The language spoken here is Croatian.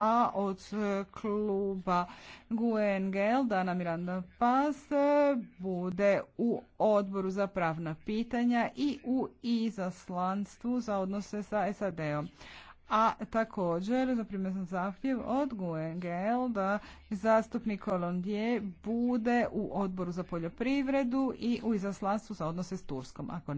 A od e, kluba GUNGL e na Miranda Paz e, bude u odboru za pravna pitanja i u izaslanstvu za odnose sa SAD-om. A također zaprime sam zahtjev od GUNGL da zastupnik Kolondije bude u odboru za poljoprivredu i u izaslanstvu za odnose s Turskom. Ako